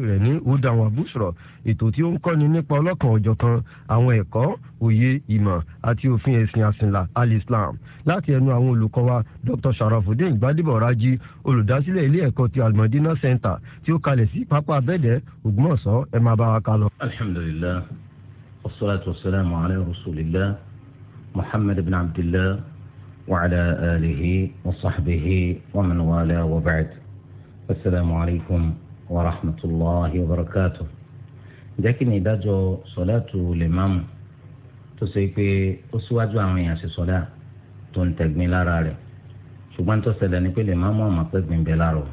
rẹ̀ ní udawa bushra ètò tí ó ń kọ́ni nípa ọlọ́kan ọ̀jọ̀kan àwọn ẹ̀kọ́ òye ìmọ̀ àti òfin ẹ̀sìn àsìnlá alislam láti ẹnu àwọn olùkọ́ wa dr sharafudin gbadebo raji olùdásílẹ̀ ilé ẹ̀kọ́ ti almadina center tí ó kalẹ̀ sí pápá abẹ́dẹ̀ ògbómọ̀ṣọ́ ẹ máa bá wa kálọ. alhamdulilah wasalaatu wasalaamu ala rasulillah muhammad ibn abdillah wa ala alihi wa sahbihi wa man wala wa ba'd asalaamu alaykum warahmatulahi wabarakatu jẹ́ kí ni ìdájọ́ sọ́láàtù lèmáàmù tó ṣe pé ó síwájú àwọn èèyàn ṣe sọ́lá tó ń tẹ̀gbìn lára rẹ̀ ṣùgbọ́n tó ṣẹlẹ̀ ni pé lèmáàmù ọ̀mà pẹ́gbìn bẹ́ẹ̀ láàrọ̀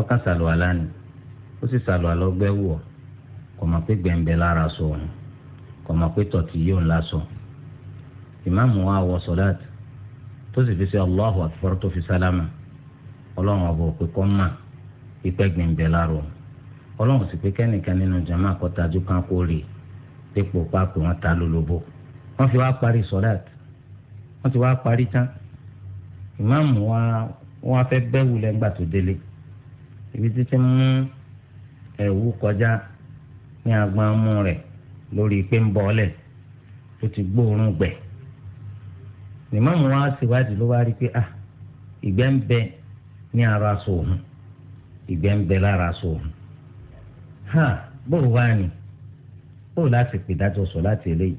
ọkàn sàlùwàlá ni ó sì sàlùwàlá ọgbẹ́ wù ọ́ kò mọ̀ pé gbẹ̀ǹbẹ̀ lára sọ òun kò mọ̀ pé tọ̀tì yóò ńlá sọ ìmáàmù wa wọ sọ́láàtì tó sì fi ṣe Allahu akbar tó fi sálámà ọlọ́run ọ̀bọ̀ òpè kọ́ ìpẹ́gbìn ń bẹ láàrọ̀ ọlọ́run sì pé kẹ́nìkan nínú jama kọ́tajú kan kó rè dépò pápẹ́ wọn ta lólobó wọ́n fi wá parí sọ́láàt wọ́n ti wá parí tán ìmáàmù wa wọ́n fẹ́ bẹ́wù lẹ́gbà tó délé ibi títí mú ẹ̀wù kọjá ní agbọ́n mú rẹ̀ lórí pé ń bọ́ ọ́lẹ̀ tó ti gbóòórùn gbẹ̀ ìmáàmù wa ṣèwádìí ló wá rí i pé ah ìgbẹ́ ń bẹ ní ara aṣọ òun ìgbẹ́ ń bẹ lára sọ hàn bóò wá ní bóò láti pè dájọ́ sọ láti eléyìí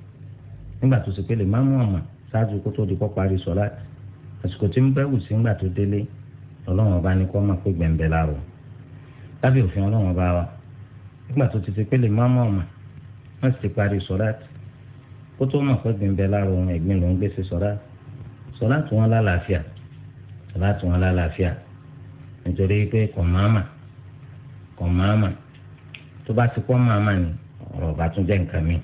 nígbà tó ṣe pé lè máa mú ọmọ ṣáájú kó tó di kó parí sọ láti àsìkò tí ń bẹ̀wù sí ńgbà tó délé ọlọ́run ọba ní kó má pé gbẹ̀ǹbẹ̀ láàrọ̀ lábẹ́ òfin ọlọ́run ọba wa nígbà tó ti ṣe pé lè máa mú ọmọ wọ́n sì ti parí sọ láti kó tó mọ̀ pé gbẹ̀ǹbẹ̀ láàrọ̀ ohun ẹ̀gbìn ló ń gbé sọ láti sọ láti wọn lálàáfíà sọ láti wọn lálàáfíà nítorí pé kò máàmà kò máàmà tó bá ti pọ́ máàmà ni ọ̀rọ̀ ọ̀bá tún jẹ́ nǹkan mi.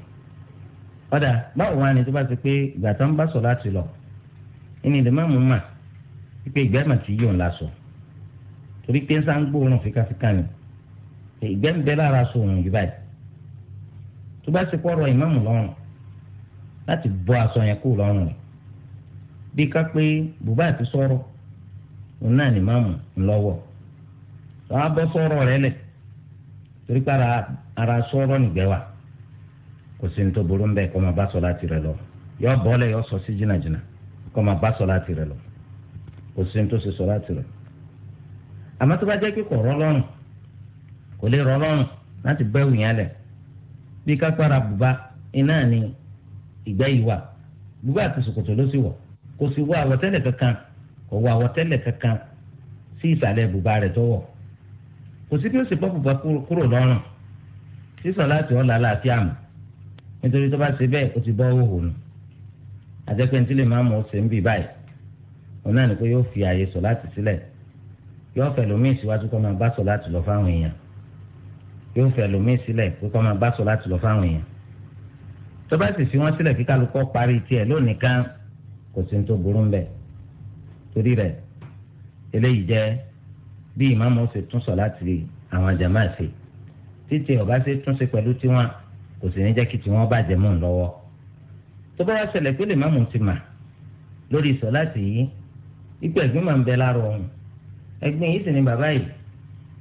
ọ̀dà báwo wá ni tó bá ti pé ìgbà tó ń bá sọ láti lọ ẹni lè má mú mà pípé ìgbẹ́ mà ti yóò ńlá sọ torí pé ń sá ń gbóòórùn fíkàfíkà ni ìgbẹ́ ń bẹ lára sọ òun yìí báyìí tó bá ti pọ́ ọ̀rọ̀ ìmáàmù lọ́rùn láti bọ́ aṣọ yẹn kú lọ́rùn rẹ̀ bí ká pé bùbá àti sọ́rọ̀ òun náà ní máàmù ńlọ́wọ́ wọ́n á bọ́ rẹ lẹ̀ torí pé ara sọ́rọ̀ wa kò sí ní burú ń bẹ́ẹ̀ máa bá sọ láti yọ yọ sọ sí jìnnàjìnnà kọ́ máa bá sọ láti rẹ lọ kò sí ní tó sọ láti rẹ àmọ́ tó bá jẹ́ pé kò kò lè láti yẹn bí kápára bùbá iná ni ìgbẹ́ yìí wà bùbá kò wọ àwọ̀tẹ́lẹ̀ kankan sí ìsàlẹ̀ bùbá rẹ̀ tó wọ̀ kò sí bí ó sì bọ́ bùbá kúrò lọ́rùn sísan láti ọ̀la láti àmọ́ nítorí tó bá ṣe bẹ́ẹ̀ ó ti bọ́ òhò nù àjẹpẹ́ ní tí lè máa mọ̀ ọ́ ṣe ń bì báyìí òun náà ni pé yóò fi àyè sọ láti sílẹ̀ yóò fẹ́ lómi ìsíwájú kó máa bá sọ láti lọ fáwọn èèyàn yóò fẹ́ lómi sílẹ̀ pé kó máa bá sọ láti lọ fáwọn èèyàn tó bá sì fi wọ́n sílẹ̀ kí parí tiẹ̀ lónìí kò sí ní tó burú ń bẹ́ẹ̀ torí rẹ̀ eléyìí jẹ́ bí ìmáàmù ṣe tún sọ láti àwọn jàmáà ṣe títí ọba ṣe tún ṣe pẹ̀lú tiwọn kò sì ní jẹ́ kí tiwọn bàjẹ́ mọ́ ń lọ́wọ́ tó bá yà ṣẹlẹ̀ pé lè máàmù ti mà lórí sọ láti yìí ipò ẹ̀gbin máa ń bẹ lára òun ẹ̀gbin yìí sì ni bàbá yìí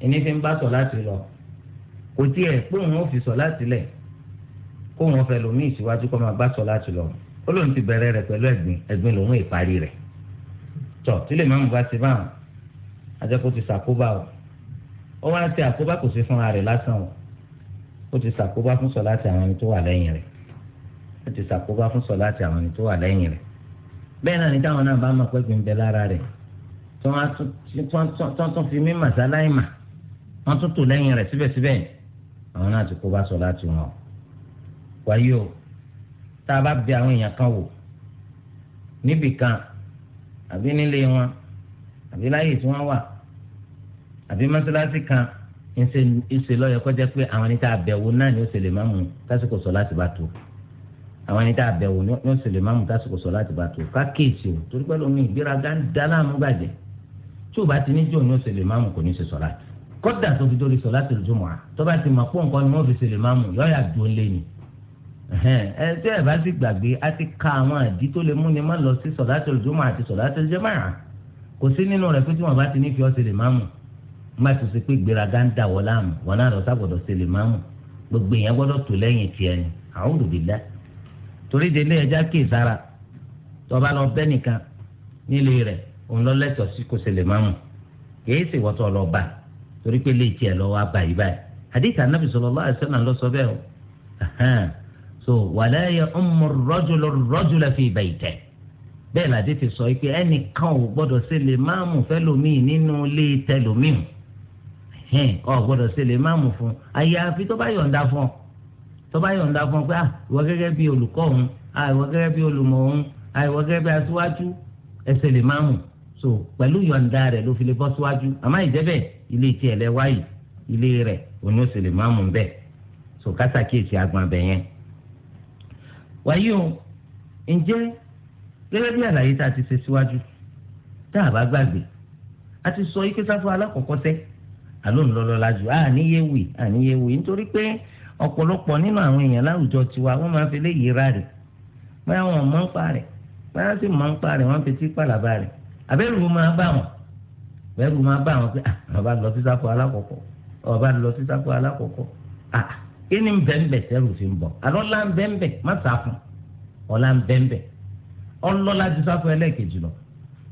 ẹni fi ń bá sọ láti lọ kò tiẹ̀ pé òun ò fi sọ láti lẹ̀ kó wọn fẹ́ lomi ìṣíwájú kó máa bá sọ láti lọ ó lóun ti bẹ̀rẹ̀ rẹ̀ pẹ̀lú ẹ̀gbin ẹ̀gbin lòun ìparí rẹ̀ tọ̀ tí lè má mú bá ti báwọn ajẹ́kó ti ṣàkóbá o ó wá ń ṣe àkóbá kò sí fúnra rẹ̀ lásán o ó ti ṣàkóbá fún sọ láti àwọn ẹni tó wà lẹ́yìn rẹ̀ ó ti ṣàkóbá fún sọ láti àwọn ẹni tó wà lẹ́yìn rẹ̀ bẹ́ẹ̀ náà ni táwọn náà bá mọ̀ pé gbìngbẹ́ lára rẹ̀ tí wọ́n tún fi mí màsáláì mà wọ́n tún tò lẹ́yìn rẹ̀ síbẹ̀síbẹ̀ àwọn náà ti kó sọ láti wọn. wáyé o tá a bá bẹ àwọn èèyàn kan wò níbì àbí nílé wọn àbí láyè tí wọ́n wà àbí mọ́sálásí kan ńṣe lọ́yọ̀ kọjá pé àwọn ẹni tá a bẹ̀wò náà ni ó ṣe lè má mú tásìkò sọ láti bá tó àwọn ẹni tá a bẹ̀wò ni ó ṣe lè má mú tásìkò sọ láti bá tó ká kéèsì o torí pẹ́lú mi ìgbéraga ń dá láàmú bàjẹ́ tí o bá ti ní jò ní ó ṣe lè má mú kò ní ṣe sọ láti kódà tó fi dórí sọ láti lójúmọ́ à tó bá ti mọ̀ pọ̀ nǹkan ni wọ́n fi ṣe lè má mú yọ̀ọ́yà dùn lé ẹtí ẹ bá sì a ti ka àwọn àdí tó lè mú ni má lọ sí sọlátul jumu'ah àti sọlátul jama'ah kò sí nínú rẹ̀ pé tí wọn bá ti ní fi ọsẹ lè má mú má tó ṣe pé gbéraga ń dà wọ láàmú wọn náà lọ sábọdọ ṣe lè má mú gbogbo èèyàn gbọ́dọ̀ tó lẹ́yìn tiẹ̀ ni a'udhu billah torí ẹja kì í sára lọ nìkan nílé rẹ̀ òun lọ so wala ya ummu rajulu rajula fi baytihi bẹ́ẹ̀ làdé ti sọ pé ẹnìkan ò gbọ́dọ̀ ṣe lè máàmù fẹ́lòmíì nínú ilé tẹlòmíì hẹ́n ọ gbọ́dọ̀ ṣe lè máàmù fún àyàfi tó bá yọ̀ǹda fún ọ tó bá yọ̀ǹda fún ọ pé àìwọ gẹ́gẹ́ bí olùkọ́ òun àìwọ gẹ́gẹ́ bí olùmọ̀ òun àìwọ gẹ́gẹ́ bí aṣíwájú ẹsẹ̀ lè máàmù so pẹ̀lú yọ̀ǹda rẹ̀ ló fi lè bọ́ síwájú àmọ́ ìjẹ́bẹ̀ ilé tiẹ̀ lẹ ilé rẹ̀ òun ó ṣe lè máàmù bẹ́ẹ̀ so kásàkíyèsí agbọ̀n abẹ wàyí o ǹjẹ́ gẹ́gẹ́ bí àlàyé tá a ti ṣe síwájú tá a bá gbàgbé a ti sọ ike sáfù alákọ̀ọ́kọ́ tẹ́ àló ń lọ́lọ́ la jù àníyéwì àníyéwì nítorí pé ọ̀pọ̀lọpọ̀ nínú àwọn èèyàn láwùjọ tiwa wọ́n máa fi léyìí ra rẹ̀ báyà wọn mọ̀ ń pa rẹ̀ báyà sì mọ̀ ń pa rẹ̀ wọ́n fi tí pàlàbà rẹ̀ àbẹ́rù máa bá wọn àbẹ́rù máa bá wọn pé àwọn ah, bá lọ sí sáfù alákọ̀ọ́kọ́ àwọn bá lọ sí sáfù alákọ̀ọ́kọ́ ah, kí ni bẹ́ẹ̀nbẹ́ sẹ́rù fi ń bọ̀ àlọ́ la ń bẹ́ẹ̀nbẹ́ má sàfún ọ̀la ń bẹ́ẹ̀nbẹ́ ọlọ́lá ju sáfún ẹlẹ́ẹ̀kejì lọ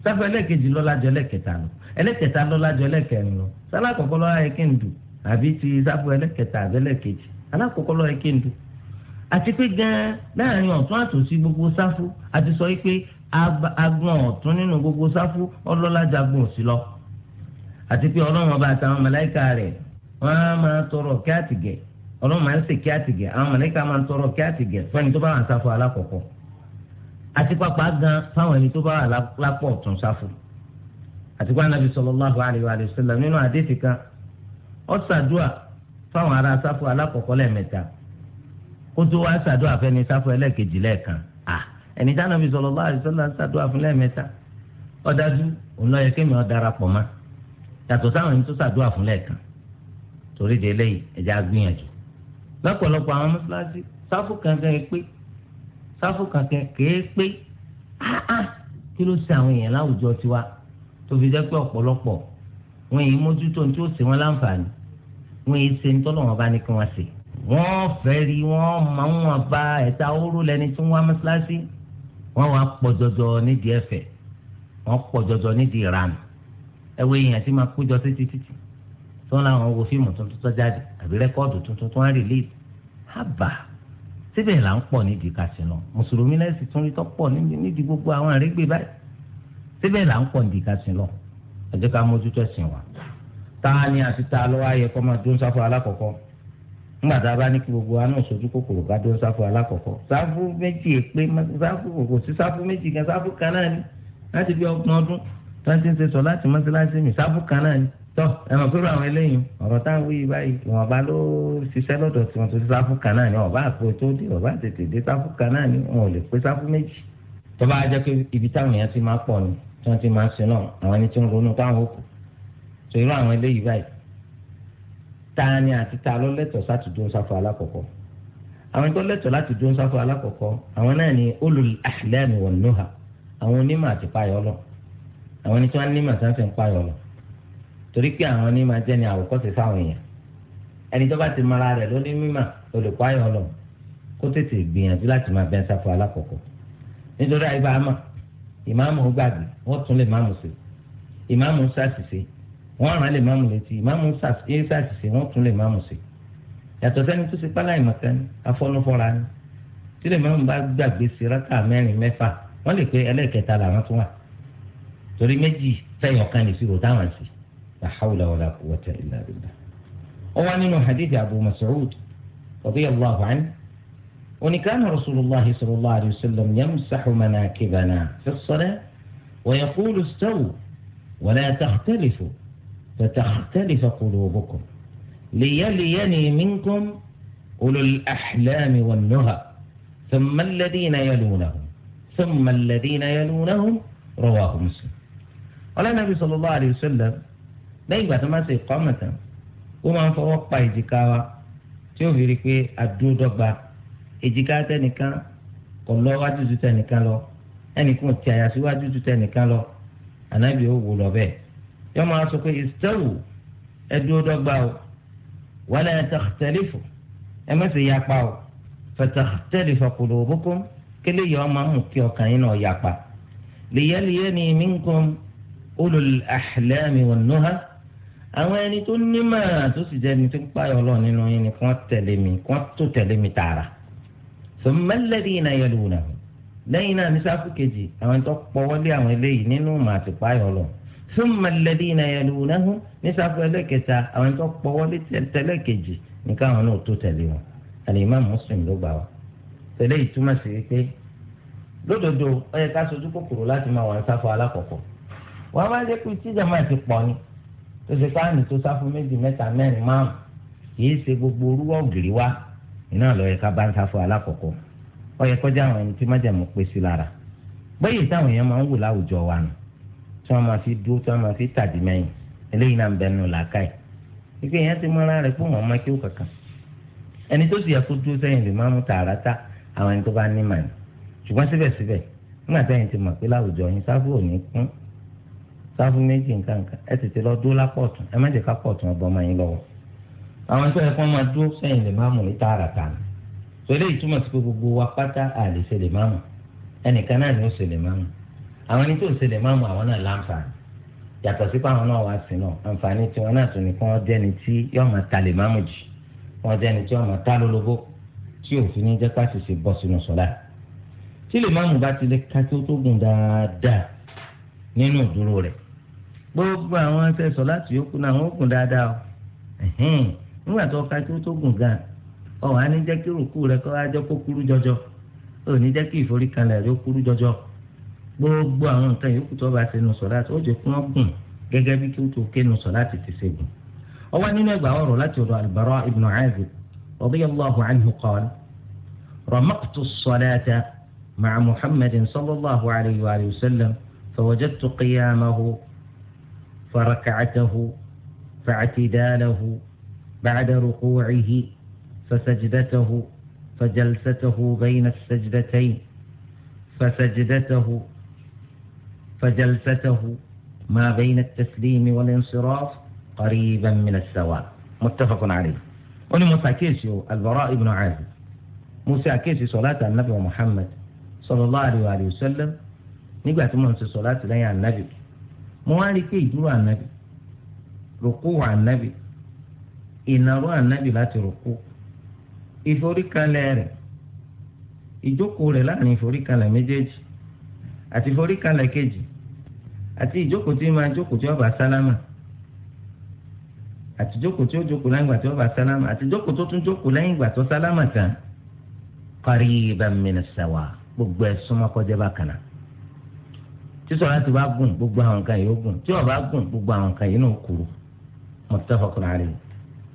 sáfún ẹlẹ́ẹ̀kejì lọ́lá ju ẹlẹ́ẹ̀kẹta lọ ẹlẹ́ẹ̀kẹta lọ́lá ju ẹlẹ́ẹ̀kẹrin lọ sálákọ̀ọ́kọ́ lọ́lá yẹ kí n dù àbí ti sáfún ẹlẹ́ẹ̀kẹta àbí ẹlẹ́ẹ̀kejì alákọ̀ọ́kọ́ lọ́lá yẹ kí n dù àti pé gan-an láàrin ọ̀tún àtòsí gbogbo sáfù àti sọ pé agbọ̀n ọ̀tún nínú gbogbo sáfù ọlọ́lá ju agbọ̀n lọ àti pé ọlọ́run ọba àtàwọn màláíkà rẹ̀ wọ́n á máa tọrọ kí àtìgẹ̀ẹ́ ọlọ́run máa ń ṣe kí àtìgẹ̀ àwọn mọ̀lẹ́kà máa ń tọrọ kí àtìgẹ̀ fún ẹni tó bá wà ń sáfù alákọ̀ọ́kọ́ àti pàpà gan fáwọn ẹni tó bá wà lápọ̀ tún sáfù àti pàpà nàbì sallallahu alaihi wa sallam nínú àdéhìí kan ó ṣàdúà fáwọn ará sáfù alákọ̀ọ́kọ́ lẹ́ẹ̀mẹ́ta kó tó wá ṣàdúà fẹ́ni sáfù ẹlẹ́ẹ̀kejì lẹ́ẹ̀kan à ẹni tá nàbì sallallahu alaihi wa sallam lọ́pọ̀lọpọ̀ àwọn mọ́ṣáláṣí sáfù kankan ẹ pé sáfù kankan kèé pé kí ló ṣe àwọn èèyàn láwùjọ tiwa tó fi jẹ́ pé ọ̀pọ̀lọpọ̀ wọn èyí mójútó ní tí ó ṣe wọn láǹfààní wọn èyí ṣe ní tọ́lọ̀ wọn bá ní kí wọ́n ṣe. wọ́n fẹ́ rí wọ́n máa ń wọn ba ẹ̀ta oró lẹni tí wọ́n wá mọ́ṣáláṣí wọ́n wá pọ̀ jọjọ nídìí ẹ̀fẹ̀ wọ́n pọ̀ jọjọ nídìí ìranù ẹ̀wọ̀ èèyàn ti máa kó jọ títí títí tó ń láwọn wo fíìmù tuntun tó jáde àbí rẹ́kọ́ọ̀dù tuntun tó ń rìlíìsì àbà síbẹ̀ là ń pọ̀ nídìí kàṣínà mùsùlùmí náà sì tún rí tọ́pọ̀ nídìí gbogbo àwọn àrégbè báyìí síbẹ̀ là ń pọ̀ nídìí kàṣínà ẹ jẹ́ ká mójútó ẹ̀sìn wa ta ni àti ta ló wá yẹ kó máa dún sáfù alákọ̀ọ́kọ́ nígbà tá a bá ní kí gbogbo wa náà sojú kòkòrò ká dún sáfù alákọ̀ọ́kọ́ sáfù méjì èpè sáfù kòkò sí sáfù méjì kan sáfù kan náà ni láti bí ọgbọ̀n ọdún tó ń ti ń ṣe sọ láti mọ́sálásí mi sáfù kan náà ni tọ́ ẹ̀mọ̀ pẹ̀lú àwọn eléyìí ọ̀rọ̀ tá à ń wí báyìí ìwọ̀nba ló ṣiṣẹ́ lọ́dọ̀ tí wọ́n tó ti sáfù kan náà ni ọ̀bá àpò tó dé ọ̀bá tètè dé sáfù kan náà ni wọn ò lè pé sáfù méjì tó bá jẹ́ pé ibi táwọn èèyàn ti máa pọ̀ ni tí wọ́n ti máa ń sin náà àwọn ẹni tí ń ronú táwọn òkú tó irú àwọn eléyìí báyìí ta ni àti ta ló lẹ́tọ̀ọ́ láti dúró sáfù alákọ̀ọ́kọ́ àwọn tó lẹ́tọ̀ọ́ láti dúró sáfù alákọ̀ọ́kọ́ àwọn náà ni ulul ahlami torí pé àwọn ní máa jẹ́ ni àwòkọ́ṣe sáwọn èèyàn ẹni tó bá ti mara rẹ̀ ló ní mímọ̀ olùkọ́ ayọ̀ lọ kó tètè gbìyànjú láti máa bẹ́ sáfù alákọ̀ọ́kọ́ nítorí àyíká àmọ́ ìmáàmù gbàgbé wọ́n tún lè máàmù sí ìmáàmù sàṣìṣe wọ́n rán lè máàmù létí ìmáàmù sàṣìṣe wọ́n tún lè máàmù sí yàtọ̀ sẹ́ni tó ṣe pálá ìmọ̀kan ni afọ́nufọ́ra ni tí lè máàmù bá gbàgbé sí rákà mẹ́rin mẹ́fà wọ́n lè pé ẹlẹ́ẹ̀kẹta làwọn tún wà torí méjì fẹ́yọ̀kan nìṣirò táwọn sí لا حول ولا قوة إلا بالله وعن من حديث أبو مسعود رضي الله عنه وإن كان رسول الله صلى الله عليه وسلم يمسح مناكبنا في الصلاة ويقول استووا ولا تختلفوا فتختلف قلوبكم ليليني منكم أولو الأحلام والنهى ثم الذين يلونهم ثم الذين يلونهم رواه مسلم قال النبي صلى الله عليه وسلم lẹ́yìn ìgbà tó máa ṣe ìkọ́mọ̀ tán ó máa ń fọwọ́ pa èjìká wa tí ó fi rí i pé àdúródọ́gba èjìká tẹnìkan kò lọ wájú ju tẹnìkan lọ ẹnìkan ti àyà síwájú ju tẹnìkan lọ ànábì ó wò lọ bẹ́ẹ̀ yọ máa sọ pé ìsítẹ́wù ẹdúródọ́gba o wala takhtalifu ẹ yapa o fatakhtalifa qulubukum kele yìí ọmọ amú kí ọkàn yín náà yapa liyaliyani minkum ulul ahlami wan nuha àwọn ẹni tó nímọ̀ tó sì jẹ́ ẹni tó ń pààyàn ọlọ́run nínú yín ni kí wọ́n tẹ̀lé mi kí wọ́n tó tẹ̀lé mi tààrà sọmọlẹ́dì iná yẹlò wò náà lẹ́yìn náà ní sáfù kejì àwọn tó pọ̀wọ́lé àwọn eléyìí nínú màá ti pààyàn ọlọ́run sọmọlẹ́dì iná yẹlò wò náà ní sáfù ẹlẹ́kẹta àwọn tó pọ̀wọ́lé tẹ̀lẹ́kejì nìkan àwọn náà tó tẹ̀lé wọn àlèmá mùsùlùm ló gbà wá tẹ̀lé ìtumọ̀ sí pé lódodo ó yẹ ká sojú kòkòrò láti máa wà tó ṣe fáànù tó sáfù méjì mẹ́ta mẹ́rin márùn kìí ṣe gbogbo orúwọ́ ògiri wa iná lọ yẹ ká bá ń sáfù alákọ̀ọ́kọ́ ó yẹ kọjá àwọn ẹni tí májàmú pé sí lára bẹ́ẹ̀ táwọn èèyàn máa ń wò láwùjọ wa nù tí wọ́n máa fi dúró tí wọ́n máa fi tàdí mẹ́yìn eléyìí náà ń bẹ nù làákàyè ìgbé yẹn ti mọ́ra rẹ̀ pé wọ́n máa kí ó kankan ẹni tó sì yẹ kó dúró sẹ́yìn lè máa mú tààràtà àwọn ẹni tó bá ní màní ṣùgbọ́n síbẹ̀síbẹ̀ nígbà táyìn ti mọ̀ pé láwùjọ yín sáfù ò kún sáfù méjì nǹkan kan ẹ tètè lọ dúró lápọ̀tún ẹ má jẹ́ kápọ̀tún ọbọ̀ máa yín lọ́wọ́ àwọn tó yẹ kó máa dúró sẹ́yìn lè má mú ní tààràtà nù sọlẹ́ ìtumọ̀ sí pé gbogbo wa pátá àlè ṣe lè má mú ẹnìkan náà ni ó ṣe lè má mú àwọn ẹni tó ṣe lè má mú àwọn náà láǹfààní yàtọ̀ sí pé àwọn náà wá sí náà àǹfààní tiwọn náà tún ni kí wọ́n jẹ́ni tí yóò máa ta lè má mú jì wọ́n jẹ́ni tí yóò máa ta lólobó tí òfin ní jẹ́ pàṣẹṣe bọ́ sínú sọlá tí lè má mú bá ti lè ká tó tó gùn dáadáa nínú ìdúró rẹ̀ gbogbo àwọn ẹsẹ̀ láti yókù náà wọ́n gùn dáadáa o nígbà tó ka kí ó tó gùn gan ọ̀hún á ní jẹ́ kí rùkú rẹ kọ́ kó kúrú jọjọ ní gbogbo àwọn nǹkan yòókù tó bá ṣe nù sọ láti ó jẹ́ kí wọ́n gùn gẹ́gẹ́ bí kí ó tó ké nù sọ láti ti ṣe gùn. ọwọ́ nínú ẹgbà ọ̀rọ̀ láti ọ̀dọ̀ فركعته فاعتداله بعد ركوعه فسجدته فجلسته بين السجدتين فسجدته فجلسته ما بين التسليم والانصراف قريبا من السواء متفق عليه ولي موسى كيسي البراء بن عازب موسى كيسي صلاة النبي محمد صلى الله عليه وآله وسلم نقول موسى صلاة لي النبي mo wá rí i pé ìdúró ànábì rògbò wà ànábì ìnáró ànábì láti rògbò ìforíkalẹ̀ rẹ̀ ìjókòó rẹ̀ láàrin ìforíkalẹ̀ méjèèjì àti ìforíkalẹ̀ kejì àti ìjókòó tí máa jókòó tí ó bá sálámà àti jókòó tí ó jókòó lẹ́yìn ìgbà tí ó bá sálámà àti jókòó tó tún jókòó lẹ́yìn ìgbà tó sálámà tán qariban min as-sawa gbogbo ẹ̀ súnmọ́ kọjá bákan náà tí sọlá ti bá gùn gbogbo àwọn nǹkan yìí ó gùn tí ọba gùn gbogbo àwọn nǹkan yìí náà kúrò muttafaqun alayhi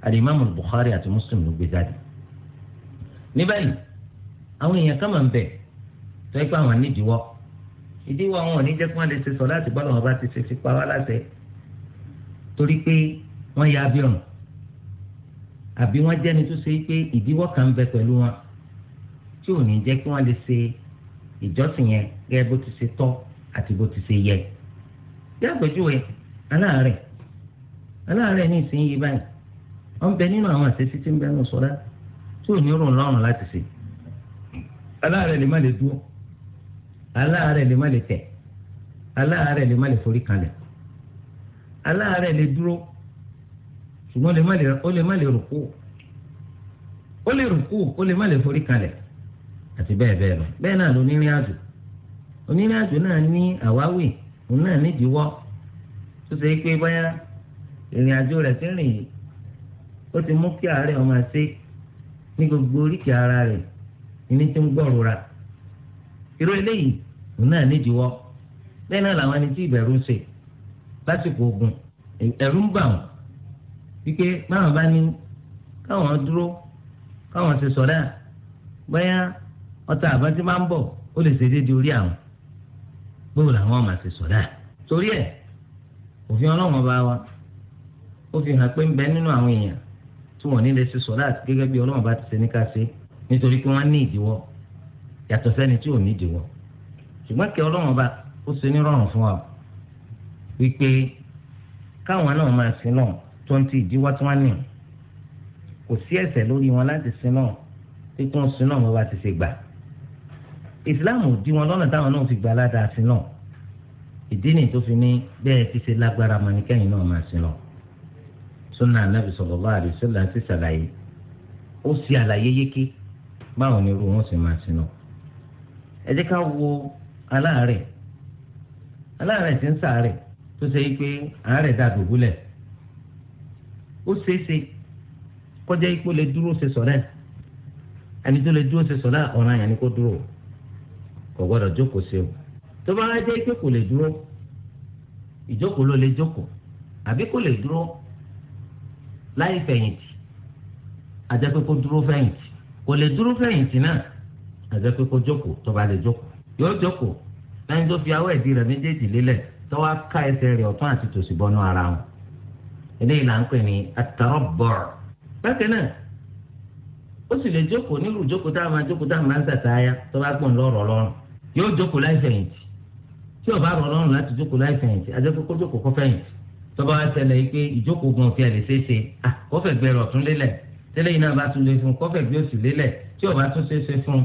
alimami bukhari àti muslim ló gbé jáde. ní báyìí àwọn èèyàn kan máa ń bẹ tó ẹ pé àwọn nídìíwọ́ ìdíwọ́ àwọn ò ní jẹ́ kí wọ́n lè ṣe sọlá àti bọ́lá wọn bá ti ṣe ti pa wá láṣẹ torí pé wọ́n ya abirùn àbí wọ́n jẹ́ni tó ṣe pé ìdíwọ́ kan ń bẹ pẹ̀lú wọn tí ò ní jẹ́ kí wọ́n lè ṣe ìjọsìn yẹn gẹ́gẹ́ àti bó ti ṣe yẹ bí àpèjúwe aláàárẹ̀ aláàárẹ̀ ní ìsinyìí báyìí wọ́n bẹ nínú àwọn àṣẹṣí tí ń bẹ nù sọ́dá tí ò ní rùn lọ́rùn láti ṣe aláàárẹ̀ lè má lè dúró aláàárẹ̀ lè má lè tẹ̀ aláàárẹ̀ lè má lè forí kalẹ̀ aláàárẹ̀ lè dúró ṣùgbọ́n ó lè má lè rùkú ó lè rùkú ó lè má lè forí kalẹ̀ àti bẹ́ẹ̀ lọ náà ló ní àjò onírìn àjò náà ní àwáwì òun náà nídìíwọ́ tó ṣe pé báyà ìrìn àjò ti rìn yìí ó ti mú kí àárẹ̀ ọmọ ṣe ní gbogbo ara rẹ̀ ìní tó ń gbọ̀rọ̀ra irú eléyìí òun náà nídìíwọ́ bẹ́ẹ̀ náà làwọn ẹni tí ìbẹ̀rù ṣe lásìkò ogun ẹ̀rù ń bà wọ́n wípé báwọn bá ní káwọn dúró káwọn ṣe sọ̀rọ̀ bóyá ọta ti máa ń bọ̀ ó lè ṣe déédéé orí bóun làwọn máa ṣe sọ̀dá torí ẹ̀ òfin ọlọ́wọ́n bá wa ó fi hàn pé ń bẹ nínú àwọn èèyàn tí wọ́n ní lè ṣe sọ̀dá gẹ́gẹ́ bí ọlọ́wọ́n bá ti ṣe ní ká ṣe nítorí pé wọ́n ní ìdíwọ́ yàtọ̀ sẹ́ni tí ò ní ìdíwọ́ ṣùgbọ́n kí ọlọ́wọ́n bá ó ṣe ní fún wa wípé káwọn náà máa sin náà tó ń ti ìdíwọ́ tí wọ́n ní kò sí ẹ̀ṣẹ̀ lórí wọn láti sin náà tí wọ́n sin náà wọ́n bá ti ṣe gbà islam ò dí wọn lọ́nà táwọn náà fi gbà ládàá sí náà ìdí nìyí tó fi ní bẹ́ẹ̀ ti ṣe lágbára mọ náà máa sí lọ. sunna anabi sallallahu alaihi wasallam ti ṣàlàyé ó ṣe àlàyé yékè báwọn ni irú wọn sì máa sí lọ. ẹ jẹ́ ká wo aláàárẹ̀ aláàárẹ̀ ti ń ṣàárẹ̀ tó ṣe yí pé àárẹ̀ dà dùbúlẹ̀ ó ṣeéṣe kọjá ipò lè dúró ṣe sọ̀rẹ́ ẹni tó lè dúró ṣe sọ̀rẹ́ ọ̀ràn yẹn ni kó dúró kò gbọ́dọ̀ jókòó sí o tó bá wáá jẹ́ pé kò lè dúró ìjókòó ló lè jókòó àbí kò lè dúró láì fẹ̀yìntì àjẹpẹ́ dúró fẹ̀yìntì kò lè dúró fẹ̀yìntì náà àjẹpẹ́ jókòó tó bá lè jókòó yóò jókòó lẹ́yìn tó fi awọ́ ẹ̀dí rẹ̀ méjèèjì lélẹ̀ tó wá ká ẹsẹ̀ rẹ̀ ọ̀tún àti bọ́nú ara wọn eléyìí là ń pè ní bákan náà ó sì lè jókòó nílùú jókòó máa jókòó máa ń tàtà ayá tó bá gbọ̀n lọ́rọ̀ lọ́rùn yóò jókòó láì fẹ̀yìntì tí ọba rọ lọ́rùn láti jókòó láì fẹ̀yìntì adékòkò jókòó kọ́ fẹ̀yìntì tọ́ba wa tẹ̀lé yìí pé ìjókòó gan fi àlè ṣeéṣe ah, kọ́fẹ̀ gbẹ rọ̀ tún lélẹ̀ tẹ́lẹ̀ yìí náà bá tún lé fún kọ́fẹ̀ gbé òsì lélẹ̀ tí ọba tún ṣeéṣe fún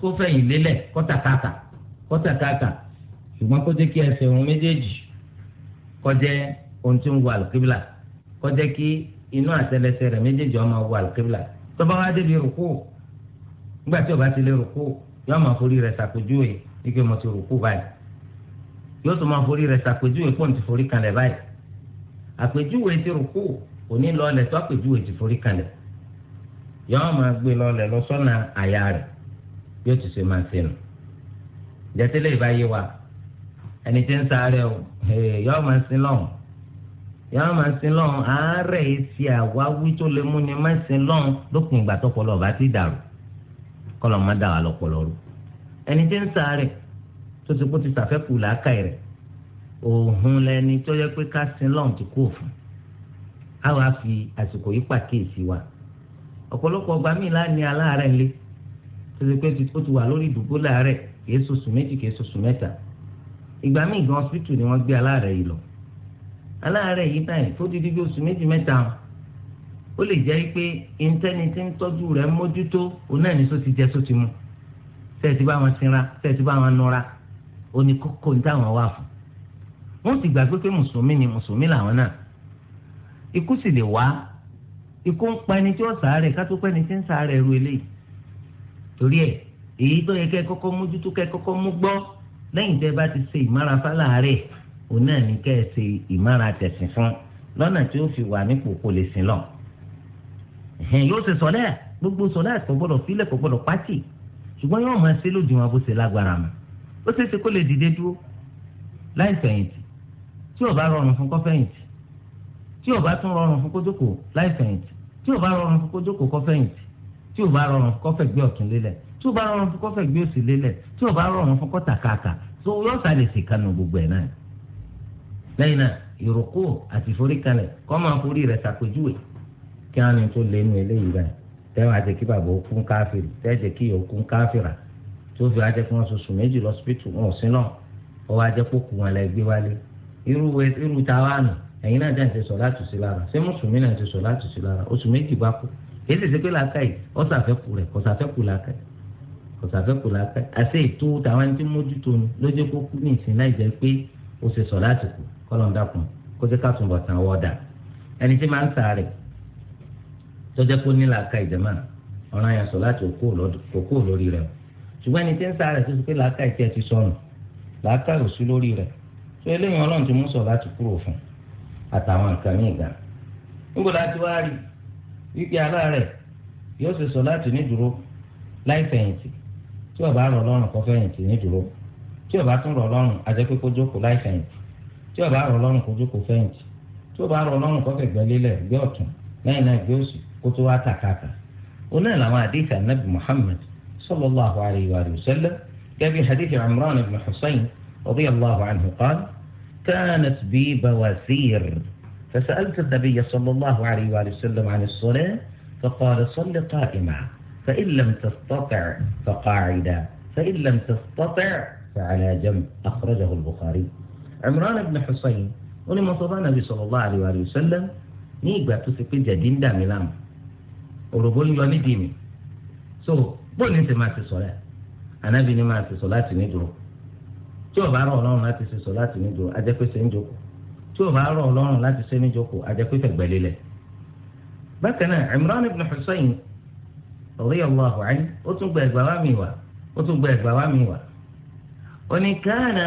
kó fẹ̀yìn lélẹ̀ kọ́tàkàkà kọ́tàkàkà ṣùgbọ́n kó jẹ́ kí ẹsẹ̀ òun méjèèjì kọjẹ́ ohun tí ń wọ àlùkíbìlà kọjẹ́ kí inú àtẹlẹsẹ̀ rẹ̀ méjèèjì ọmọ wọ àlùkíbìlà tọ́ba wa débi rùkú nígbà tí ọba ti lé rùkú yóò máa forí rẹ̀ ṣàpèjúwe ike mo ti rùkú báyìí yóò tún máa forí rẹ̀ ṣàpèjúwe pọ̀ ní ti forí kanlẹ̀ báyìí àpèjúwe ti rùkú òní lọ́ọ̀lẹ̀ tó àpèjúwe ti forí kanlẹ̀ yóò máa gbé lọ́ọ̀lẹ̀ lọ sọ́nà àyà rẹ̀ yóò tún ṣe máa ṣe nù jẹ́tẹ́lẹ̀ ìbáyé wa ẹni tí ń sáré o eh, yóò máa sin lọ́hùn yàrá máa sin lọ́hùn àárẹ̀ èsì àwáwí tó lè mú máa sin lọ́hùn lópin ìgbà tó kọlọ̀ bá ti dàrú kọlọ̀ má dà wà lọ́pọ̀lọ́ ẹni tí ń sáré tó ti kó ti sàfẹ́kù làákàyè rẹ̀ òhun lẹni tó yẹ pé ká sin lọ́n ti kú òfin á wàá fi àsìkò yìí pàkíyèsí wa ọ̀pọ̀lọpọ̀ ọgbà míì láàní aláàárẹ̀ ńlẹ̀ tó ti pé ó ti wà lórí ìdúgbò láàárẹ̀ kìí sọ̀sùn méjì kìí sọ̀sùn mẹ́ta ìgbà míì gan ọsibítù ni wọ́n gbé aláàárẹ̀ yìí lọ aláàárẹ̀ yìí náà fódìdí bí oṣù méjì mẹ́ta ó lè jẹ́ pé ìńtẹ́ni tí ń tọ́jú rẹ̀ mójútó òun náà ní sọ ti jẹ sọ ti mu sẹ́ẹ̀tì bá wọn sinra sẹ́ẹ̀tì bá wọn nura ó ní kókó ní táwọn wà fún wọ́n ti gbàgbé pé mùsùlùmí ni mùsùlùmí làwọn náà ikú sì lè wá ikú ń pa ẹni tí ó sàárẹ̀ kátó pẹ́ni tí ń sàárẹ̀ ru eléyìí torí ẹ̀ èyí tó yẹ kẹ́ kọ́kọ́ mójútó kẹ́ kọ́kọ́ mú gbọ́ lẹ́yìn tẹ́ bá ti ṣe ìmára fáláàárẹ̀ òun náà ní kẹ́ ẹ ṣe ìmára tẹ̀sìn fún lọ́nà tí ó fi wà nípò kò lè sìn lọ. yóò ṣe sọ́lẹ̀ gbogbo sọ́lẹ̀ àti kò gbọ́dọ̀ fílẹ̀ kò gbọ́dọ̀ pátì ṣùgbọ́n yóò máa ṣe lódiwọ̀n bó ṣe lágbára mọ́ ó ṣeé ṣe kó lè dìde dúró láì fẹ̀yìntì tí ò bá rọrùn fún kó fẹ̀yìntì tí ò bá tún rọrùn fún kó jókòó láì fẹ̀yìntì tí ò bá rọrùn fún kó jókòó kó fẹ̀yìntì tí ò bá rọrùn fún kó fẹ̀gbẹ́ ọ̀tún lélẹ̀ tí ò bá rọrùn fún kó fẹ̀gbẹ́ òsì lélẹ̀ tí ò bá rọrùn fún kó tàkàkà tó yóò sàlẹ̀ sí kanu gbogbo ẹ̀ náà lẹ́yìn náà ìrókò tẹ́wọ̀n àti kí bàbá òkú ń káfíìrì tẹ́jẹ̀ kí òkú ń káfíìrà tó fi wá jẹ́ kí wọ́n sọ̀sùn méjì lọ́sibítù wọn ò sí náà ó wá jẹ́ kó kù wọn lẹ gbé wálé irú irú ta wá nù ẹ̀yin náà dáhùn ti sọ láti sí lára ṣé mùsùlùmí náà ti sọ láti sí lára oṣù méjì bá kú èyí sì ṣe pé làákàyè ọ̀sàfẹ́kù rẹ̀ kọ̀sàfẹ́kù làákàyè kọ̀sàfẹ́kù làákàyè àti ètò tàwọn tí mójútó ni ló jẹ́ kó kú ní ìsìn láì jẹ́ pé ó ṣe sọ láti kù kọ́lọ́ńdàkùn kó jẹ́ ká túnbọ̀ tàn wọ́ọ̀dà ẹni tí máa ń sàárẹ̀ tọ́jẹ́ kó nílà ka ìjàmà ọ̀ràn yẹn sọ láti òkú lórí rẹ̀ ṣùgbọ́n ẹni tí ń sáré tó ti pé làákà ìtí ẹ ti sọnù làákà ò sí lórí rẹ̀ tó eléyìí ọlọ́run ti mú sọ láti kúrò fún àtàwọn nǹkan ní ìgbà níbo láti wá rí wípé yóò ṣe sọ láti láì fẹ̀yìntì tí fẹ̀yìntì tí ọba kó tó wá tàkàtà oní àwọn hadith anabi muhammad sallallahu alayhi wa sallam gẹ́gẹ́ bí hadith imran ibn husayn radiyallahu anhu qala كانت بي بواسير فسألت النبي صلى الله عليه وآله وسلم عن الصلاة فقال صل قائما فإن لم تستطع فقاعدا فإن لم تستطع فعلى جنب أخرجه البخاري عمران بن حسين ولما صدى النبي صلى الله عليه وآله وسلم نيجا تسقي جدين دامي لامه òròbó ń yọ nídìí mi so bó ní ti máa ti sọ rẹ ànábì ni máa ti sọ láti ní dúró tí ò bá rọ ọlọ́run láti ṣe sọ láti ní dúró ajẹ́pẹ́sẹ̀ ń jókòó tí ò bá rọ ọlọ́run láti ṣe ní jókòó ajẹ́pẹ́sẹ̀ gbẹ́lélẹ̀ bákan náà Imran ibn Husayn radiyallahu anhu ó tún gba ẹgbàá wá mi wá ó tún gba ẹgbàá wá mi wá ó ní káàna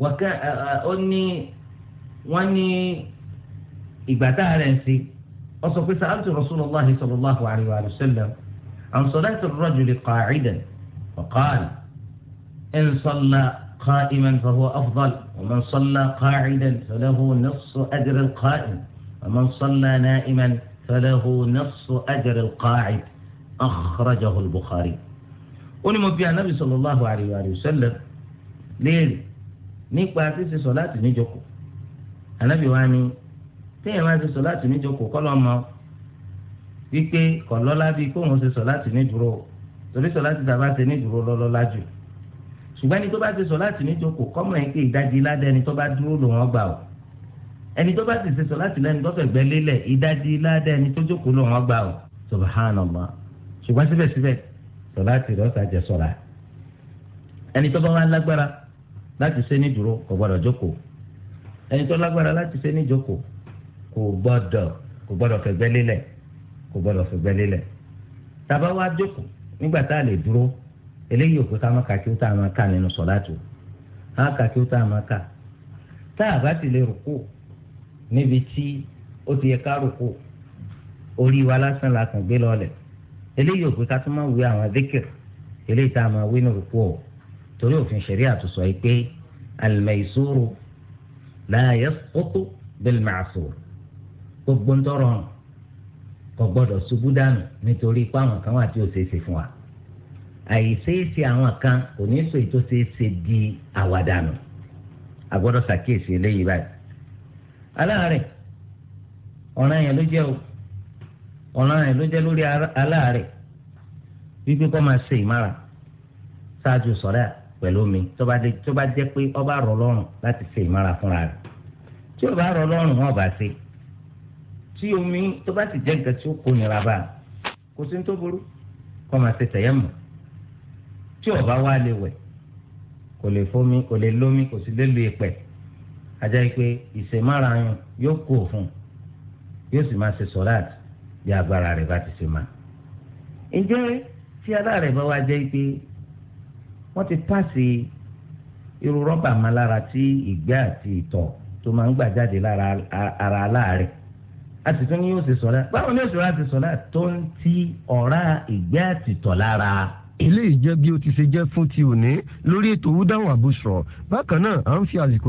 wọ́n ní ìgbà tá a rẹ̀ ń sí wọ́n sọ pé sàlátì rasulillah sallallahu alayhi wa sallam an salati rajuli qa'idan faqala in salla qa'iman fahuwa afdal wa man salla qa'idan falahu nisfu ajri al-qa'im wa man salla na'iman falahu nisfu ajri al-qa'id akhrajahu al-bukhari. ó ní mo bi anabi sallallahu alayhi wa sallam léèrè nípa títí sọ láti níjọkọ anabi wa ni téèyàn máa ṣe sọ láti níjókòó kọ́ lọ́mọ wípé kọ̀ lọ́lá bíi kóun ṣe sọ láti nídúró torí sọ láti tàbá ṣe nídúró lọ́lọ́lá jù ṣùgbọ́n ẹni tó bá ṣe sọ láti níjókòó kọ́mọ yẹn pé ìdajì ládẹ́ ẹni tó bá dúró ló wọ́n gbà ó ẹni tó bá sì ṣe sọ láti lẹ́ni tó fẹ̀gbẹ́ lélẹ̀ ìdajì ládẹ́ ẹni tó jókòó ló wọ́n gbà ó subhanallah ṣùgbọ́n síbẹ̀síbẹ̀ sọ láti rọ́ọ̀sà jẹ sọ̀rà kò gbọ́dọ̀ kò gbọ́dọ̀ fẹ̀gbẹ́ lélẹ̀ kò gbọ́dọ̀ fẹ̀gbẹ́ lélẹ̀ tàbá wá jókòó nígbà tá a lè dúró eléyìí òkú tá a máa kà kí ó tá a máa kà nínú sọ̀láàtù á kà kí ó tá a máa kà tá a bá ti lè rùkú níbi tí ó ti yẹ ká rùkú orí wa lásán la kàn gbé lọ́lẹ̀ eléyìí òkú ká tún máa wí àwọn adékèrè eléyìí tá a máa wí ní rùkú o torí òfin ṣẹ̀rí àtúnṣọ yìí pé al-maysuru la yasqutu bil-ma'sur gbogbo ń tọrọ ọ̀run kò gbọdọ̀ ṣubú dànù nítorí pé àwọn kan wà tí ò ṣeé ṣe fún wa àìṣeéṣe àwọn kan kò ní sọ ètò ṣeéṣe di àwàdànù a gbọdọ̀ ṣàkíyèsí eléyìí báyìí aláàárẹ̀ ọ̀ràn yẹn ló jẹ́ o ọ̀ràn yẹn ló jẹ́ lórí aláàárẹ̀ wípé kó máa ṣe ìmára ṣáájú sọ̀rẹ́ pẹ̀lú mi tó bá jẹ́ pé ó rọ̀ lọ́rùn láti ṣe ìmára fúnra rẹ̀ tí ó bá rọ̀ lọ́rùn wọn ò bá ṣe tí omi tó bá sì jẹ́ nǹkan tí ó kó nira bá kò sí ní tó burú kó máa ṣe tẹ̀yẹ́mù tí ó bá wá lè wẹ̀ kò lè fomi kò lè lómi kò sì lè lu ìpẹ́ ajá yìí pé ìṣèmára yẹn yóò kó òfun yóò sì máa ṣe sọ̀láàtì bí agbára rẹ̀ bá ti ṣe máa. ǹjẹ́ tí aláàrẹ̀ bá wá jẹ́ pé wọ́n ti pàṣẹ irú rọ́bà máa lára tí ìgbẹ́ àti ìtọ̀ tó máa ń gbà jáde lára ara aláàrẹ̀ àti tún ní yóò ṣe sọ̀rọ̀ báwo ni yóò ṣe láti sọ̀rọ̀ tó ń ti ọ̀rá ìgbẹ́ àtìtọ̀ lára. eléyìí jẹ́ bí ó ti ṣe jẹ́ fún ti òní lórí ètò wúdáhùn àbúṣọ bákan náà à ń fi àsìkò.